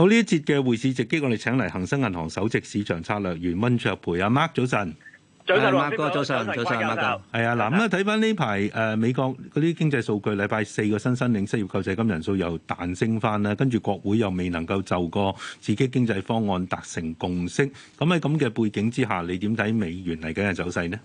好，呢一節嘅匯市直擊，我哋請嚟恒生銀行首席市場策略員溫灼培阿、啊、Mark 早晨，早晨、uh, Mark 哥 Facebook, 早晨早晨 Mark，係啊，嗱咁啊睇翻呢排誒美國嗰啲經濟數據，禮拜四個新申領失業救濟金人數又彈升翻啦，跟住國會又未能夠就個刺激經濟方案達成共識，咁喺咁嘅背景之下，你點睇美元嚟緊嘅走勢咧？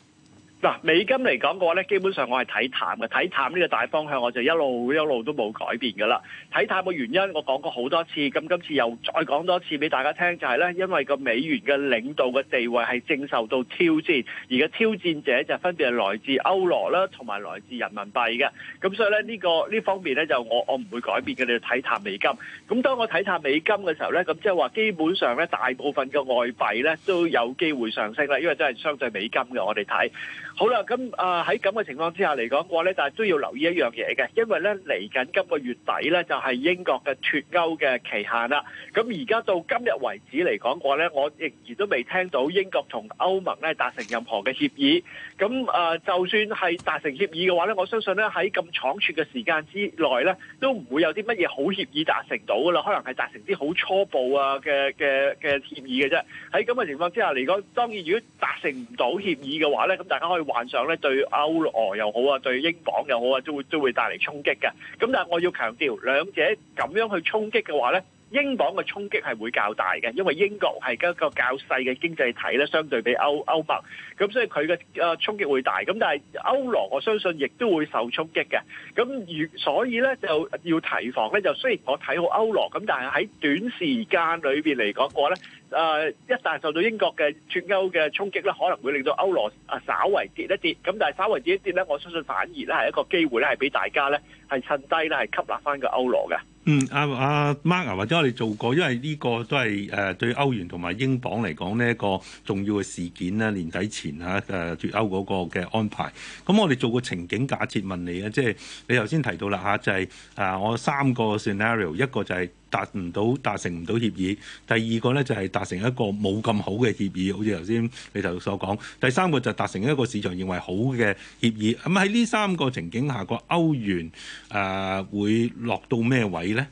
嗱，美金嚟講嘅話咧，基本上我係睇淡嘅，睇淡呢個大方向我就一路一路都冇改變㗎喇。睇淡嘅原因我講過好多次，咁今次又再講多次俾大家聽，就係咧，因為個美元嘅領導嘅地位係正受到挑戰，而個挑戰者就分別係來自歐羅啦，同埋來自人民幣嘅。咁所以咧、這、呢個呢方面咧就我我唔會改變嘅，就睇淡美金。咁當我睇淡美金嘅時候咧，咁即係話基本上咧，大部分嘅外幣咧都有機會上升啦，因為真係相對美金嘅，我哋睇。好啦，咁啊喺咁嘅情況之下嚟講嘅話咧，但係都要留意一樣嘢嘅，因為咧嚟緊今個月底咧就係英國嘅脱歐嘅期限啦。咁而家到今日為止嚟講嘅話咧，我仍然都未聽到英國同歐盟咧達成任何嘅協議。咁啊、呃，就算係達成協議嘅話咧，我相信咧喺咁倉促嘅時間之內咧，都唔會有啲乜嘢好協議達成到噶啦。可能係達成啲好初步啊嘅嘅嘅協議嘅啫。喺咁嘅情況之下嚟講，當然如果達成唔到協議嘅話咧，咁大家可以。幻想咧對歐羅又好啊，對英鎊又好啊，都會都會帶嚟衝擊嘅。咁但係我要強調，兩者咁樣去衝擊嘅話咧，英鎊嘅衝擊係會較大嘅，因為英國係一個較細嘅經濟體咧，相對比歐歐盟咁，所以佢嘅誒衝擊會大。咁但係歐羅我相信亦都會受衝擊嘅。咁如所以咧就要提防咧，就雖然我睇好歐羅咁，但係喺短時間裏邊嚟講，我咧。誒一旦受到英國嘅脫歐嘅衝擊咧，可能會令到歐羅啊稍為跌一跌，咁但係稍為跌一跌咧，我相信反而咧係一個機會咧，係俾大家咧係趁低咧係吸納返個歐羅嘅。嗯，阿、啊、阿、啊、Mark 啊，或者我哋做過，因為呢個都係誒、啊、對歐元同埋英鎊嚟講呢一個重要嘅事件咧，年底前嚇誒脫歐嗰個嘅安排。咁我哋做個情景假設問你，就是你就是、啊，即係你頭先提到啦嚇，就係啊我三個 scenario，一個就係、是。達唔到達成唔到協議，第二個呢，就係、是、達成一個冇咁好嘅協議，好似頭先你頭所講。第三個就達成一個市場認為好嘅協議。咁喺呢三個情景下，個歐元誒、呃、會落到咩位呢？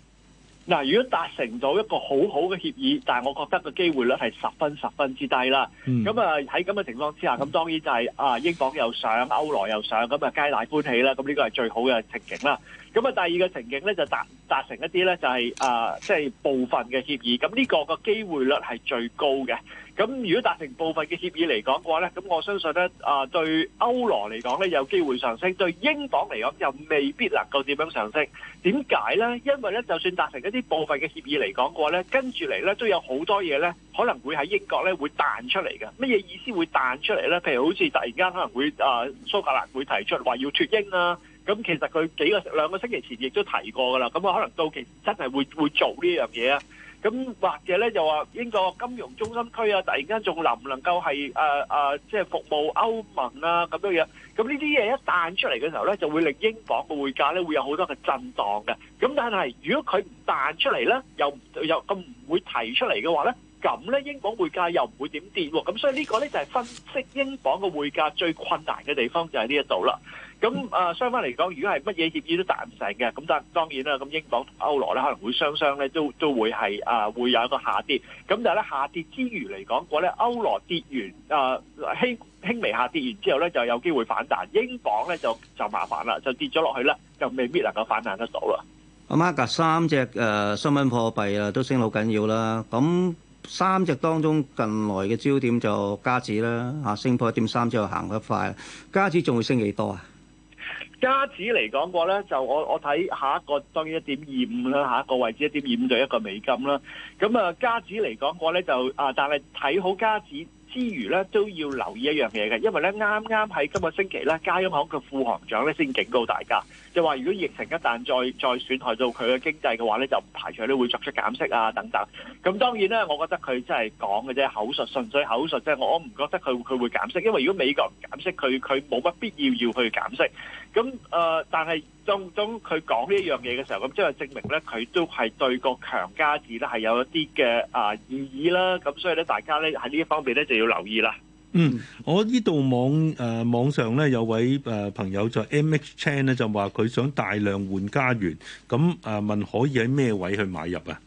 嗱，如果達成到一個好好嘅協議，但係我覺得個機會率係十分十分之低啦。咁啊喺咁嘅情況之下，咁當然就係、是、啊英鎊又上，歐羅又上，咁啊皆大歡喜啦。咁呢個係最好嘅情景啦。咁啊，第二個情景咧就達達成一啲咧、就是呃，就係啊，即係部分嘅協議。咁呢個個機會率係最高嘅。咁如果達成部分嘅協議嚟講嘅話咧，咁我相信咧啊、呃，對歐羅嚟講咧有機會上升，對英鎊嚟講又未必能夠點樣上升。點解咧？因為咧，就算達成一啲部分嘅協議嚟講嘅話咧，跟住嚟咧都有好多嘢咧，可能會喺英國咧會彈出嚟嘅。乜嘢意思會彈出嚟咧？譬如好似突然間可能會啊、呃、蘇格蘭會提出話要脫英啊。咁其實佢幾個兩個星期前亦都提過㗎啦，咁啊可能到期真係會會做呢樣嘢啊，咁或者咧就話英國金融中心區啊，突然間仲能唔能夠係誒誒即係服務歐盟啊咁樣樣，咁呢啲嘢一彈出嚟嘅時候咧，就會令英鎊個匯價咧會有好多嘅震盪嘅，咁但係如果佢唔彈出嚟咧，又又咁唔會提出嚟嘅話咧，咁咧英鎊匯價又唔會點跌喎，咁所以個呢個咧就係、是、分析英鎊個匯價最困難嘅地方就係呢一度啦。咁啊，相反嚟講，如果係乜嘢協議都達唔成嘅，咁當當然啦。咁英鎊同歐羅咧，可能會雙雙咧，都都會係啊，會有一個下跌。咁但係咧，下跌之餘嚟講，如果咧歐羅跌完啊，輕輕微下跌完之後咧，就有機會反彈。英鎊咧就就麻煩啦，就跌咗落去啦，就未必能夠反彈得到啦。啊，孖隔三隻誒新聞貨幣啊，都升到緊要啦。咁三隻當中近來嘅焦點就加紙啦，嚇升破一點三之後行得快，加紙仲會升幾多啊？加紙嚟講過呢，就我我睇下一個當然一點二五啦，下一個位置一點二五對一個美金啦。咁啊，加紙嚟講過呢，就啊，但係睇好加紙。之餘咧，都要留意一樣嘢嘅，因為咧啱啱喺今個星期咧，加央行嘅副行長咧先警告大家，就話如果疫情一旦再再損害到佢嘅經濟嘅話咧，就唔排除咧會作出減息啊等等。咁當然咧，我覺得佢真係講嘅啫，口術純粹口術啫，我唔覺得佢佢會減息，因為如果美國唔減息，佢佢冇乜必要要去減息。咁誒、呃，但係。中中佢講呢樣嘢嘅時候，咁即係證明咧，佢都係對個強加字咧係有一啲嘅啊意義啦。咁所以咧，大家咧喺呢一方面咧就要留意啦。嗯，我呢度網誒、呃、網上咧有位誒、呃、朋友就 MX Chain 咧就話佢想大量換加元，咁誒、呃、問可以喺咩位去買入啊？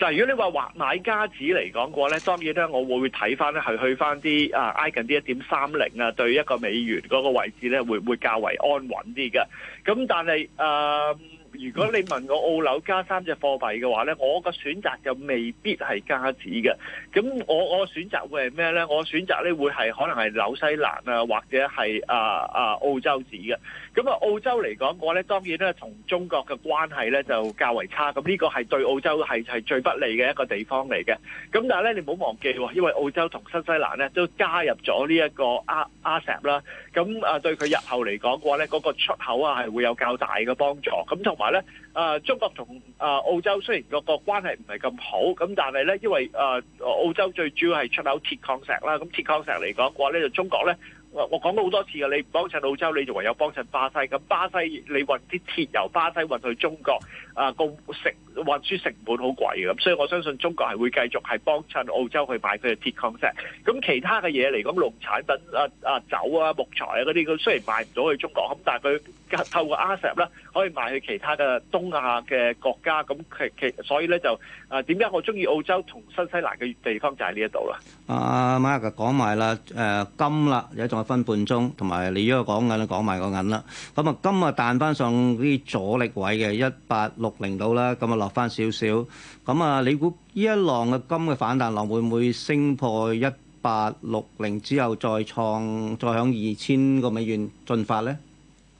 嗱，但如果你話買買家指嚟講嘅話咧，當然咧，我會睇翻咧係去翻啲啊挨近啲一點三零啊，對一個美元嗰個位置咧，會會較為安穩啲嘅。咁但係誒。呃如果你問我澳紐加三隻貨幣嘅話呢，我個選擇就未必係加紙嘅。咁我我選擇會係咩呢？我選擇咧會係可能係紐西蘭啊，或者係啊啊澳洲紙嘅。咁啊澳洲嚟講嘅話呢，當然咧同中國嘅關係呢就較為差。咁呢個係對澳洲係係最不利嘅一個地方嚟嘅。咁但係呢，你唔好忘記、哦，因為澳洲同新西蘭呢都加入咗呢一個 R RCEP 啦。咁啊對佢日後嚟講嘅話呢嗰、嗰個出口啊係會有較大嘅幫助。咁同埋。咧，誒、呃，中國同誒、呃、澳洲雖然個個關係唔係咁好，咁但係咧，因為誒、呃，澳洲最主要係出口鐵礦石啦，咁鐵礦石嚟講嘅話咧，就中國咧。我我講過好多次嘅，你唔幫襯澳洲，你就唯有幫襯巴西。咁巴西你運啲鐵由巴西運去中國，啊個成運輸成本好貴，咁所以我相信中國係會繼續係幫襯澳洲去買佢嘅鐵礦石。咁其他嘅嘢嚟講，農產品啊啊酒啊木材啊嗰啲，佢雖然賣唔到去中國，咁但係佢透過阿錫啦，可以賣去其他嘅東亞嘅國家。咁其其所以咧就啊點解我中意澳洲同新西蘭嘅地方就喺呢一度、啊、啦。阿馬格講埋啦，誒金啦有一種。分半鐘，同埋你呢個講緊啦，講埋個銀啦。咁啊，金啊彈翻上啲阻力位嘅一八六零度啦，咁啊落翻少少。咁啊，你估呢一浪嘅金嘅反彈浪會唔會升破一八六零之後再創再向二千個美元進發咧？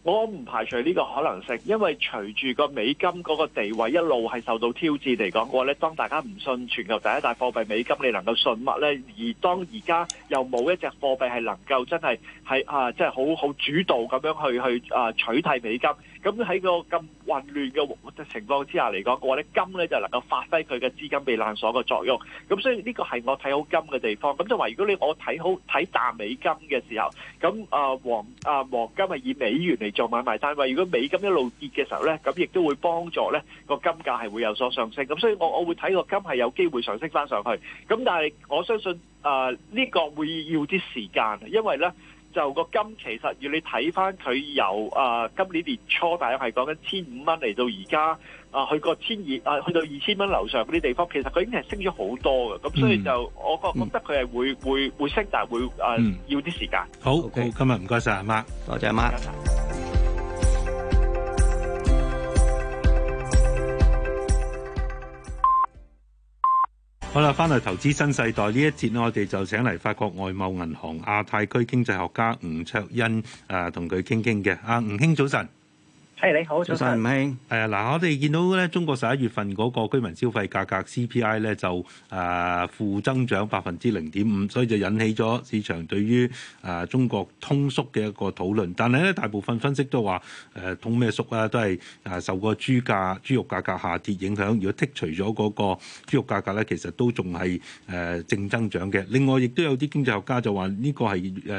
我唔排除呢個可能性，因為隨住個美金嗰個地位一路係受到挑戰嚟講，我咧當大家唔信全球第一大貨幣美金你能夠信乜咧？而當而家又冇一隻貨幣係能夠真係係啊即係好好主導咁樣去去啊取締美金。咁喺個咁混亂嘅情況之下嚟講，嘅話咧金咧就能夠發揮佢嘅資金避難所嘅作用。咁所以呢個係我睇好金嘅地方。咁就話如果你我睇好睇大美金嘅時候，咁啊黃啊黃金係以美元嚟做買賣單位。如果美金一路跌嘅時候咧，咁亦都會幫助咧個金價係會有所上升。咁所以我我會睇個金係有機會上升返上去。咁但係我相信啊呢、呃呢個會要啲時間，因為咧。就個金其實要你睇翻佢由啊、呃、今年年初大概係講緊千五蚊嚟到而家啊去個千二啊、呃、去到二千蚊樓上嗰啲地方，其實佢已經係升咗好多嘅，咁所以就我覺覺得佢係，嗯、會會會升，但係會啊、呃嗯、要啲時間。好，Okay. 好，今日唔該晒阿媽，多謝阿媽。謝謝。好啦，返嚟投資新世代呢一節，我哋就請嚟法國外貿銀行亞太區經濟學家吳卓殷同佢傾傾嘅。阿吳兄早晨。係你好，hey, 早晨吳兄。誒，嗱、 啊，我哋見到咧，中國十一月份嗰個居民消費價格 CPI 咧，就誒、啊、負增長百分之零點五，所以就引起咗市場對於誒、啊、中國通縮嘅一個討論。但係咧，大部分分析都話，誒通咩縮啊，都係誒受個豬價、豬肉價格下跌影響。如果剔除咗嗰個豬肉價格咧，其實都仲係誒正增長嘅。另外，亦都有啲經濟學家就話呢個係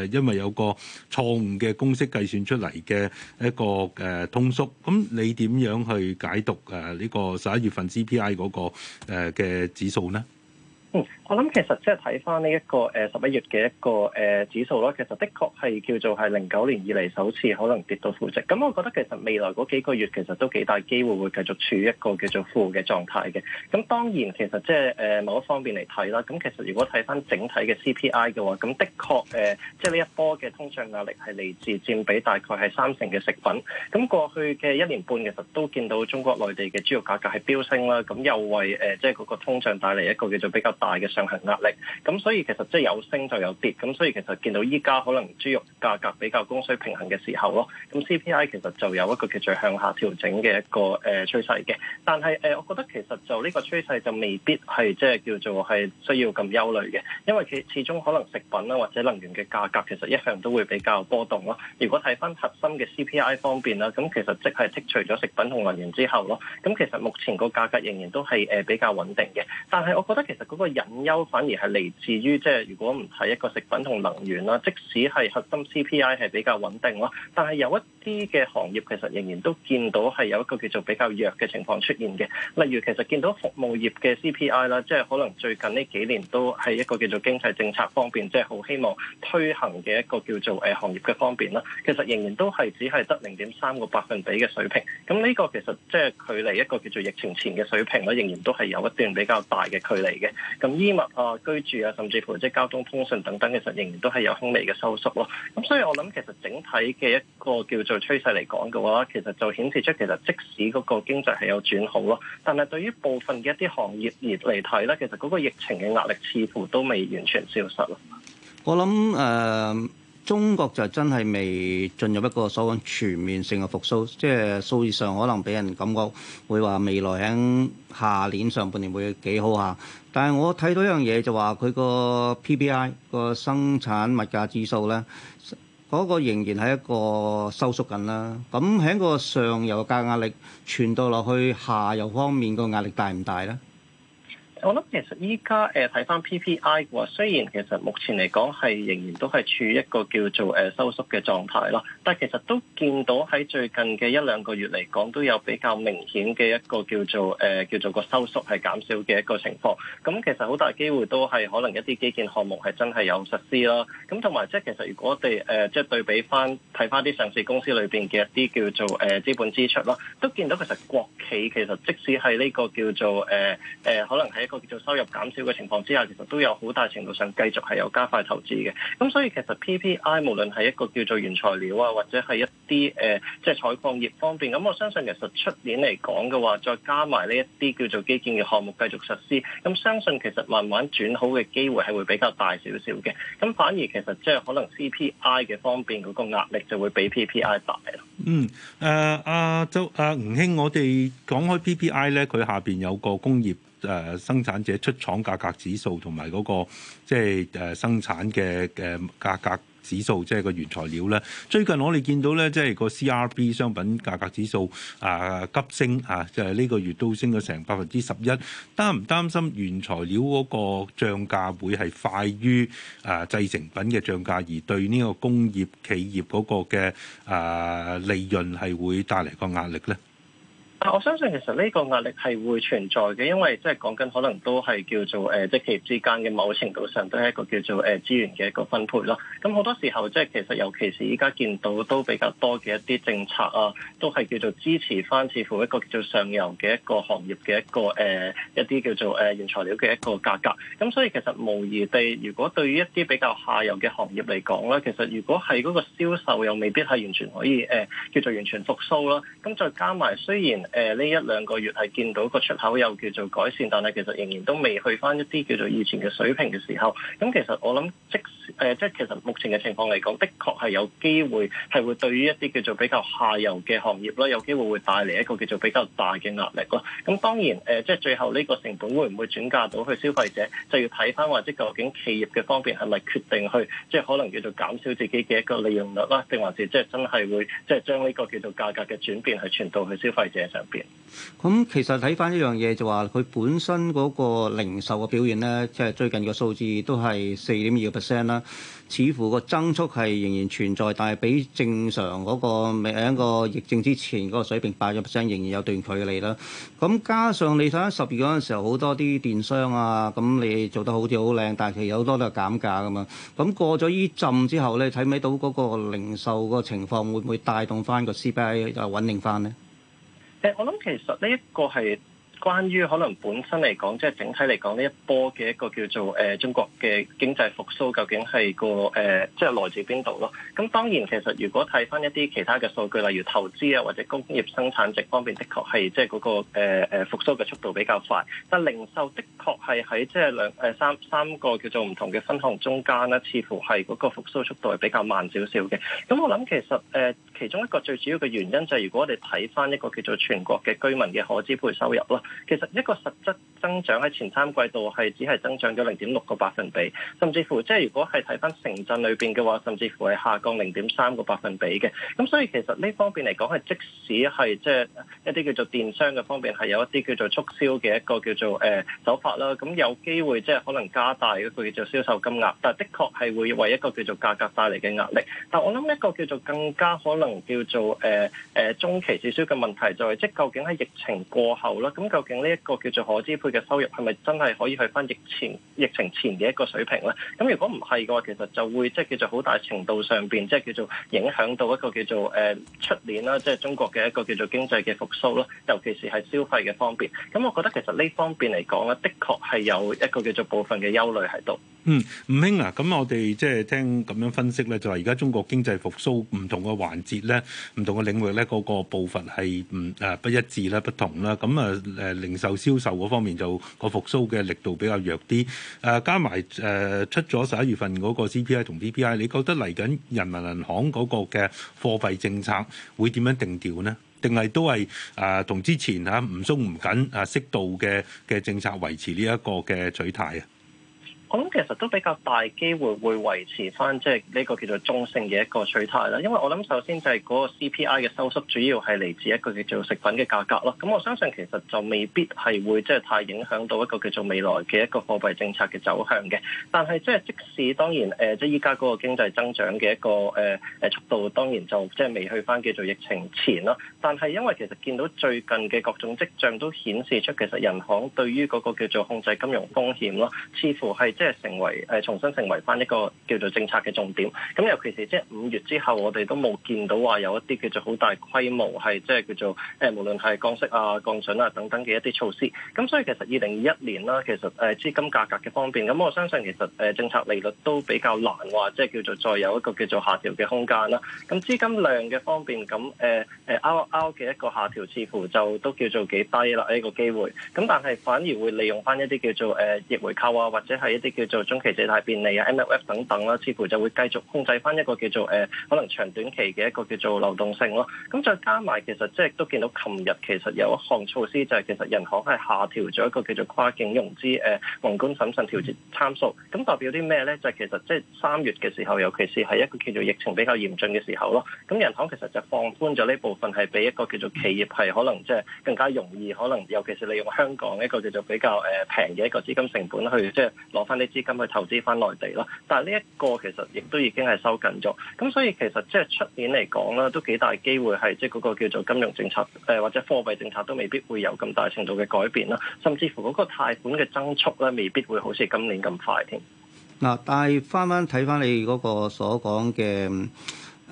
誒因為有個錯誤嘅公式計算出嚟嘅一個誒通。啊啊啊啊咁你點樣去解讀誒呢、啊這個十一月份 CPI 嗰、那個嘅、呃、指數呢？我諗其實即係睇翻呢一個誒十一月嘅一個誒指數咯，其實的確係叫做係零九年以嚟首次可能跌到負值。咁我覺得其實未來嗰幾個月其實都幾大機會會繼續處於一個叫做負嘅狀態嘅。咁當然其實即係誒某一方面嚟睇啦，咁其實如果睇翻整體嘅 CPI 嘅話，咁的確誒即係呢一波嘅通脹壓力係嚟自佔比大概係三成嘅食品。咁過去嘅一年半其實都見到中國內地嘅豬肉價格係飆升啦，咁又為誒即係嗰個通脹帶嚟一個叫做比較大嘅平衡壓力，咁、嗯、所以其實即係有升就有跌，咁所以其實見到依家可能豬肉價格比較供需平衡嘅時候咯，咁 CPI 其實就有一個叫做向下調整嘅一個誒趨勢嘅，但係誒、呃、我覺得其實就呢個趨勢就未必係即係叫做係需要咁憂慮嘅，因為佢始終可能食品啦或者能源嘅價格其實一向都會比較波動咯。如果睇翻核心嘅 CPI 方面啦，咁其實即係剔除咗食品同能源之後咯，咁其實目前個價格仍然都係誒比較穩定嘅，但係我覺得其實嗰個隱隱反而係嚟自於即係，如果唔睇一個食品同能源啦，即使係核心 CPI 係比較穩定咯，但係有一啲嘅行業其實仍然都見到係有一個叫做比較弱嘅情況出現嘅。例如其實見到服務業嘅 CPI 啦，即係可能最近呢幾年都係一個叫做經濟政策方面，即係好希望推行嘅一個叫做誒行業嘅方面啦。其實仍然都係只係得零點三個百分比嘅水平。咁呢個其實即係距離一個叫做疫情前嘅水平咧，仍然都係有一段比較大嘅距離嘅。咁依。啊！居住啊，甚至乎即係交通、通訊等等，其實仍然都係有輕微嘅收縮咯。咁所以我諗，其實整體嘅一個叫做趨勢嚟講嘅話，其實就顯示出其實即使嗰個經濟係有轉好咯，但係對於部分嘅一啲行業而嚟睇咧，其實嗰個疫情嘅壓力似乎都未完全消失咯。我諗誒。Uh 中國就真係未進入一個所謂全面性嘅復甦，即係數字上可能俾人感覺會話未來喺下年上半年會幾好下。但係我睇到一樣嘢就話佢個 PPI 個生產物價指數咧，嗰個仍然係一個收縮緊啦。咁喺個上游嘅價壓力傳到落去下游方面個壓力大唔大咧？我諗其實依家誒睇返 PPI 嘅話，雖然其實目前嚟講係仍然都係處於一個叫做誒收縮嘅狀態咯。但其實都見到喺最近嘅一兩個月嚟講，都有比較明顯嘅一個叫做誒、呃、叫做個收縮係減少嘅一個情況。咁、嗯、其實好大機會都係可能一啲基建項目係真係有實施啦。咁同埋即係其實如果我哋誒即係對比翻睇翻啲上市公司裏邊嘅一啲叫做誒資、呃、本支出咯，都見到其實國企其實即使係呢個叫做誒誒、呃、可能係一個叫做收入減少嘅情況之下，其實都有好大程度上繼續係有加快投資嘅。咁、嗯、所以其實 PPI 無論係一個叫做原材料啊，或者係一啲誒、呃，即係採礦業方面。咁我相信其實出年嚟講嘅話，再加埋呢一啲叫做基建嘅項目繼續實施，咁相信其實慢慢轉好嘅機會係會比較大少少嘅。咁反而其實即係可能 CPI 嘅方面嗰個壓力就會比 PPI 大咯。嗯，誒阿周阿吳興，我哋講開 PPI 咧，佢下邊有個工業誒、呃、生產者出廠價格,格指數、嗰個，同埋嗰個即係誒、呃、生產嘅嘅價格。指數即係個原材料咧，最近我哋見到咧，即係個 CRB 商品價格指數啊急升啊，就係呢個月都升咗成百分之十一。擔唔擔心原材料嗰個漲價會係快於啊製成品嘅漲價，而對呢個工業企業嗰個嘅啊利潤係會帶嚟個壓力咧？我相信其實呢個壓力係會存在嘅，因為即係講緊可能都係叫做誒、呃，即係企業之間嘅某程度上都係一個叫做誒資源、呃嘅一個分配咯。咁好多時候即係其實尤其是依家見到都比較多嘅一啲政策啊，都係叫做支持翻，似乎一個叫做上游嘅一個行業嘅一個誒、呃、一啲叫做誒原材料嘅一個價格。咁所以其實無疑地，如果對於一啲比較下游嘅行業嚟講咧，其實如果係嗰個銷售又未必係完全可以誒、呃、叫做完全復甦啦。咁再加埋雖然。誒呢一兩個月係見到個出口又叫做改善，但係其實仍然都未去翻一啲叫做以前嘅水平嘅時候。咁其實我諗、呃，即係即係其實目前嘅情況嚟講，的確係有機會係會對於一啲叫做比較下游嘅行業咧，有機會會帶嚟一個叫做比較大嘅壓力咯。咁當然誒、呃，即係最後呢個成本會唔會轉嫁到去消費者，就要睇翻或者究竟企業嘅方面係咪決定去，即係可能叫做減少自己嘅一個利用率啦，定還是即係真係會即係將呢個叫做價格嘅轉變去傳到去消費者上。咁其實睇翻一樣嘢，就話佢本身嗰個零售嘅表現咧，即係最近嘅數字都係四點二個 percent 啦。似乎個增速係仍然存在，但係比正常嗰個未喺個疫症之前嗰個水平八個 percent 仍然有段距離啦。咁加上你睇下十二月嗰陣時候，好多啲電商啊，咁你做得好似好靚，但係其實有好多都係減價噶嘛。咁過咗呢浸之後咧，睇唔睇到嗰個零售嗰個情況會唔會帶動翻個 CPI 就穩定翻咧？誒，我諗其實呢一個係。關於可能本身嚟講，即係整體嚟講呢一波嘅一個叫做誒中國嘅經濟復甦，究竟係個誒即係來自邊度咯？咁當然其實如果睇翻一啲其他嘅數據，例如投資啊或者工業生產值方面，的確係即係嗰個誒誒復甦嘅速度比較快，但零售的確係喺即係兩誒三三個叫做唔同嘅分行中間咧，似乎係嗰個復甦速度係比較慢少少嘅。咁我諗其實誒其中一個最主要嘅原因就係如果我哋睇翻一個叫做全國嘅居民嘅可支配收入咯。其實一個實質增長喺前三季度係只係增長咗零點六個百分比，甚至乎即係如果係睇返城鎮裏邊嘅話，甚至乎係下降零點三個百分比嘅。咁所以其實呢方面嚟講係即使係即係一啲叫做電商嘅方面係有一啲叫做促銷嘅一個叫做誒、呃、手法啦，咁有機會即係可能加大一個叫做銷售金額，但係的確係會為一個叫做價格帶嚟嘅壓力。但係我諗一個叫做更加可能叫做誒誒、呃呃、中期至少少嘅問題就係、是、即係究竟喺疫情過後啦，咁究竟呢一個叫做可支配嘅收入係咪真係可以去翻疫情疫情前嘅一個水平咧？咁如果唔係嘅話，其實就會即係、就是、叫做好大程度上邊，即、就、係、是、叫做影響到一個叫做誒出年啦，即、就、係、是、中國嘅一個叫做經濟嘅復甦咯，尤其是係消費嘅方面。咁我覺得其實呢方面嚟講咧，的確係有一個叫做部分嘅憂慮喺度。嗯，吳兄啊，咁我哋即係聽咁樣分析咧，就係而家中國經濟復甦唔同嘅環節咧，唔同嘅領域咧，嗰個步伐係唔誒不一致啦，不同啦。咁啊誒零售銷售嗰方面就個復甦嘅力度比較弱啲。誒、啊、加埋誒、啊、出咗十一月份嗰個 CPI 同 PPI，你覺得嚟緊人民銀行嗰個嘅貨幣政策會點樣定調呢？定係都係誒、啊、同之前嚇唔鬆唔緊啊，適度嘅嘅政策維持呢一個嘅取態啊？我諗其實都比較大機會會維持翻即係呢個叫做中性嘅一個取態啦，因為我諗首先就係嗰個 CPI 嘅收縮主要係嚟自一個叫做食品嘅價格咯。咁我相信其實就未必係會即係太影響到一個叫做未來嘅一個貨幣政策嘅走向嘅。但係即係即使當然誒，即係依家嗰個經濟增長嘅一個誒誒速度當然就即係未去翻叫做疫情前咯。但係因為其實見到最近嘅各種跡象都顯示出其實人行對於嗰個叫做控制金融風險咯，似乎係。即係成為誒重新成為翻一個叫做政策嘅重點。咁尤其是即係五月之後，我哋都冇見到話有一啲叫做好大規模係即係叫做誒無論係降息啊、降準啊等等嘅一啲措施。咁所以其實二零二一年啦，其實誒資金價格嘅方面，咁我相信其實誒政策利率都比較難話即係叫做再有一個叫做下調嘅空間啦。咁資金量嘅方面，咁誒誒 o 嘅一個下調似乎就都叫做幾低啦呢個機會。咁但係反而會利用翻一啲叫做誒逆回購啊，或者係一啲叫做中期借貸便利啊、MLF 等等啦，似乎就會繼續控制翻一個叫做誒、呃、可能長短期嘅一個叫做流動性咯。咁再加埋其實即係都見到，琴日其實有一項措施就係其實人行係下調咗一個叫做跨境融資誒宏觀審慎調節參數。咁代表啲咩咧？就係、是、其實即係三月嘅時候，尤其是係一個叫做疫情比較嚴峻嘅時候咯。咁人行其實就放寬咗呢部分係俾一個叫做企業，係可能即係更加容易，可能尤其是利用香港一個叫做比較誒平嘅一個資金成本去即係攞翻。啲資金去投資翻內地啦，但係呢一個其實亦都已經係收緊咗，咁所以其實即係出年嚟講咧，都幾大機會係即係嗰個叫做金融政策誒或者貨幣政策都未必會有咁大程度嘅改變啦，甚至乎嗰個貸款嘅增速咧未必會好似今年咁快添。嗱，但係翻翻睇翻你嗰個所講嘅。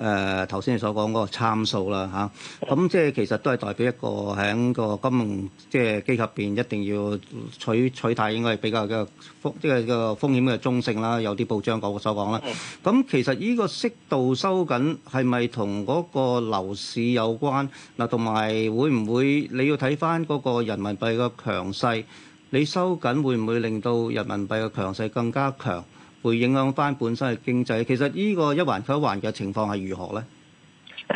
誒頭先你所講嗰個參數啦嚇，咁即係其實都係代表一個喺個金融即係、就是、機構邊一定要取取態，應該係比較嘅風即係、就是、個風險嘅中性啦。有啲報章講所講啦。咁、啊嗯嗯、其實呢個適度收緊係咪同嗰個樓市有關嗱？同、啊、埋會唔會你要睇翻嗰個人民幣嘅強勢？你收緊會唔會令到人民幣嘅強勢更加強？會影響翻本身嘅經濟。其實呢個一環扣一環嘅情況係如何咧？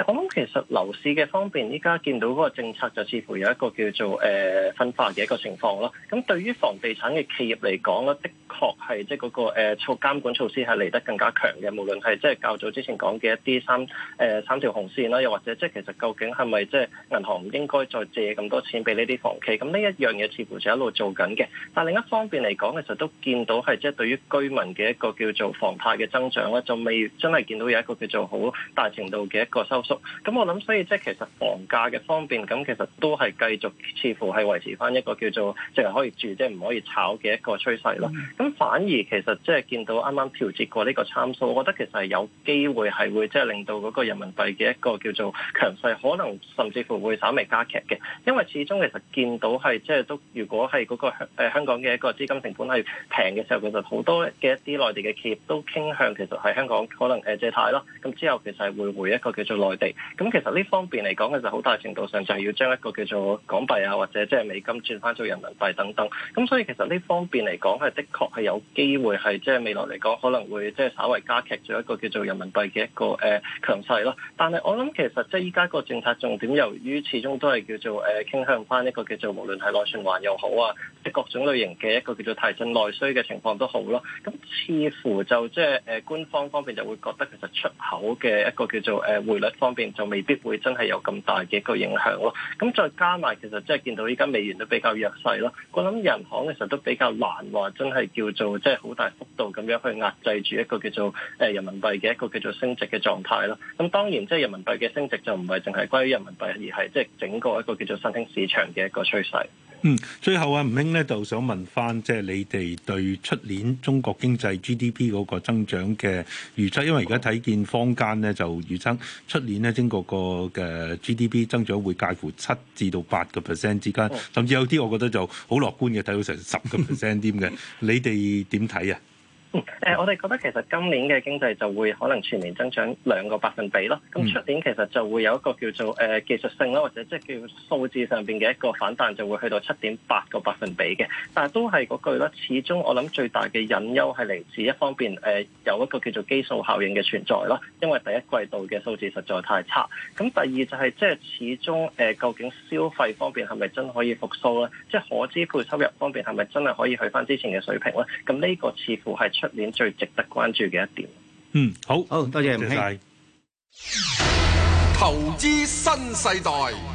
我諗其實樓市嘅方面，依家見到嗰個政策就似乎有一個叫做誒、呃、分化嘅一個情況咯。咁對於房地產嘅企業嚟講咧，的確係即係嗰個誒措、呃、監管措施係嚟得更加強嘅。無論係即係較早之前講嘅一啲三誒、呃、三條紅線啦，又或者即係其實究竟係咪即係銀行唔應該再借咁多錢俾呢啲房企？咁呢一樣嘢似乎就一路做緊嘅。但另一方面嚟講，其實都見到係即係對於居民嘅一個叫做房貸嘅增長咧，就未真係見到有一個叫做好大程度嘅一個收。咁我諗，所以即係其實房價嘅方面，咁其實都係繼續，似乎係維持翻一個叫做淨係可以住，即係唔可以炒嘅一個趨勢咯。咁反而其實即係見到啱啱調節過呢個參數，我覺得其實係有機會係會即係令到嗰個人民幣嘅一個叫做強勢，可能甚至乎會稍微加劇嘅。因為始終其實見到係即係都，如果係嗰個誒香港嘅一個資金成本係平嘅時候，其實好多嘅一啲內地嘅企業都傾向其實喺香港可能誒借貸咯。咁之後其實係會回一個叫做內地咁，其實呢方面嚟講其實就好大程度上就係要將一個叫做港幣啊，或者即係美金轉翻做人民幣等等。咁所以其實呢方面嚟講，係的確係有機會係即係未來嚟講可能會即係稍微加劇咗一個叫做人民幣嘅一個誒強勢咯。但係我諗其實即係依家個政策重點，由於始終都係叫做誒傾向翻一個叫做無論係內循環又好啊，即各種類型嘅一個叫做提振內需嘅情況都好咯。咁似乎就即係誒官方方面就會覺得其實出口嘅一個叫做誒匯率。方面就未必會真係有咁大嘅一個影響咯。咁再加埋，其實即係見到依家美元都比較弱勢咯。我諗人行嘅時候都比較難話真係叫做即係好大幅度咁樣去壓制住一個叫做誒人民幣嘅一個叫做升值嘅狀態咯。咁當然即係人民幣嘅升值就唔係淨係關於人民幣，而係即係整個一個叫做新興市場嘅一個趨勢。嗯，最後啊，吳兄咧就想問翻，即係你哋對出年中國經濟 GDP 嗰個增長嘅預測，因為而家睇見坊間咧就預測出年咧中國個嘅 GDP 增長會介乎七至到八個 percent 之間，甚至有啲我覺得就好樂觀嘅，睇到成十個 percent 添嘅， 你哋點睇啊？誒、呃，我哋覺得其實今年嘅經濟就會可能全年增長兩個百分比咯。咁出年其實就會有一個叫做誒、呃、技術性咯，或者即係叫數字上邊嘅一個反彈，就會去到七點八個百分比嘅。但係都係嗰句咯，始終我諗最大嘅隱憂係嚟自一方面誒、呃、有一個叫做基數效應嘅存在咯，因為第一季度嘅數字實在太差。咁第二就係、是、即係始終誒、呃、究竟消費方面係咪真可以復甦咧？即係可支配收入方面係咪真係可以去返之前嘅水平咧？咁呢個似乎係出年最值得關注嘅一點。嗯，好好，多謝，謝，謝吳生，投資新世代。